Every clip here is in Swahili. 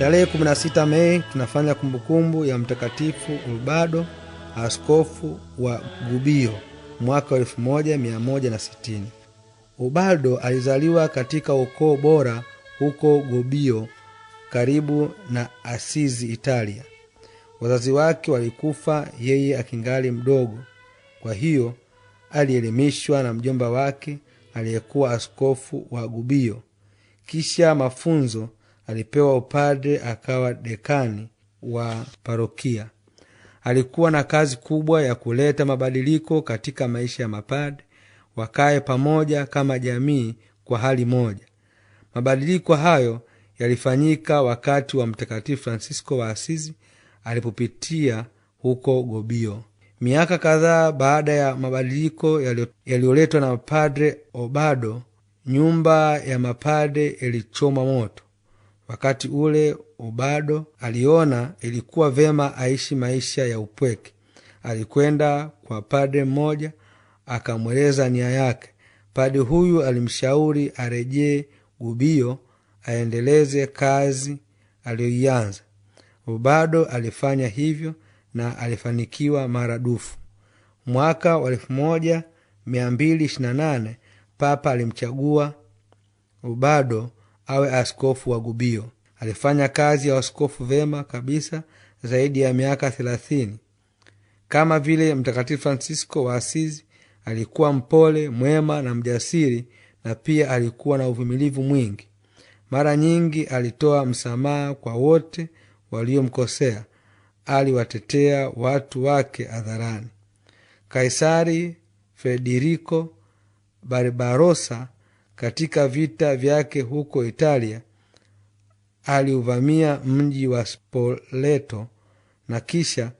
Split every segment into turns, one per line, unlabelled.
Tarehe 16 Mei tunafanya kumbukumbu ya Mtakatifu ulbado askofu wa gubio mwaka 1160. Urbado alizaliwa katika ukoo bora huko gubio karibu na Asizi, Italia. Wazazi wake walikufa yeye akingali mdogo, kwa hiyo alielimishwa na mjomba wake aliyekuwa askofu wa gubio Kisha mafunzo alipewa upadre akawa dekani wa parokia. Alikuwa na kazi kubwa ya kuleta mabadiliko katika maisha ya mapadre wakaye pamoja kama jamii kwa hali moja. Mabadiliko hayo yalifanyika wakati wa Mtakatifu Fransisko wa Asizi alipopitia huko Gobio. Miaka kadhaa baada ya mabadiliko yaliyoletwa na mapadre Obado, nyumba ya mapadre ilichomwa moto Wakati ule Obado aliona ilikuwa vema aishi maisha ya upweke. Alikwenda kwa padre mmoja akamweleza nia yake. Padre huyu alimshauri arejee gubio aendeleze kazi aliyoianza. Obado alifanya hivyo na alifanikiwa maradufu. Mwaka wa elfu moja mia mbili ishirini na nane Papa alimchagua Obado awe askofu wa gubio Alifanya kazi ya uaskofu vema kabisa zaidi ya miaka thelathini. Kama vile Mtakatifu Fransisko wa Asizi, alikuwa mpole, mwema na mjasiri, na pia alikuwa na uvumilivu mwingi. Mara nyingi alitoa msamaha kwa wote waliomkosea. Aliwatetea watu wake hadharani. Kaisari frederico barbarosa katika vita vyake huko Italia aliuvamia mji wa Spoleto na kisha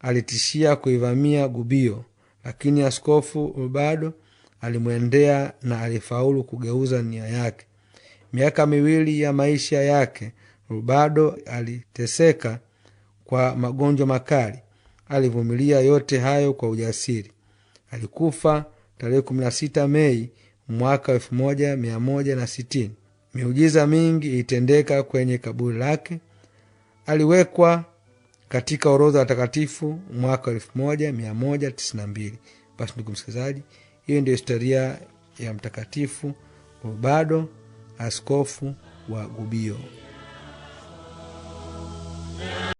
alitishia kuivamia gubio lakini askofu Ubado alimwendea na alifaulu kugeuza nia yake. Miaka miwili ya maisha yake Rubado aliteseka kwa magonjwa makali. Alivumilia yote hayo kwa ujasiri. Alikufa tarehe 16 Mei mwaka elfu moja mia moja na sitini. Miujiza mingi ilitendeka kwenye kaburi lake. Aliwekwa katika orodha ya watakatifu mwaka elfu moja mia moja tisini na mbili. Basi ndugu msikilizaji, hiyo ndio historia ya Mtakatifu Ubado, askofu wa gubio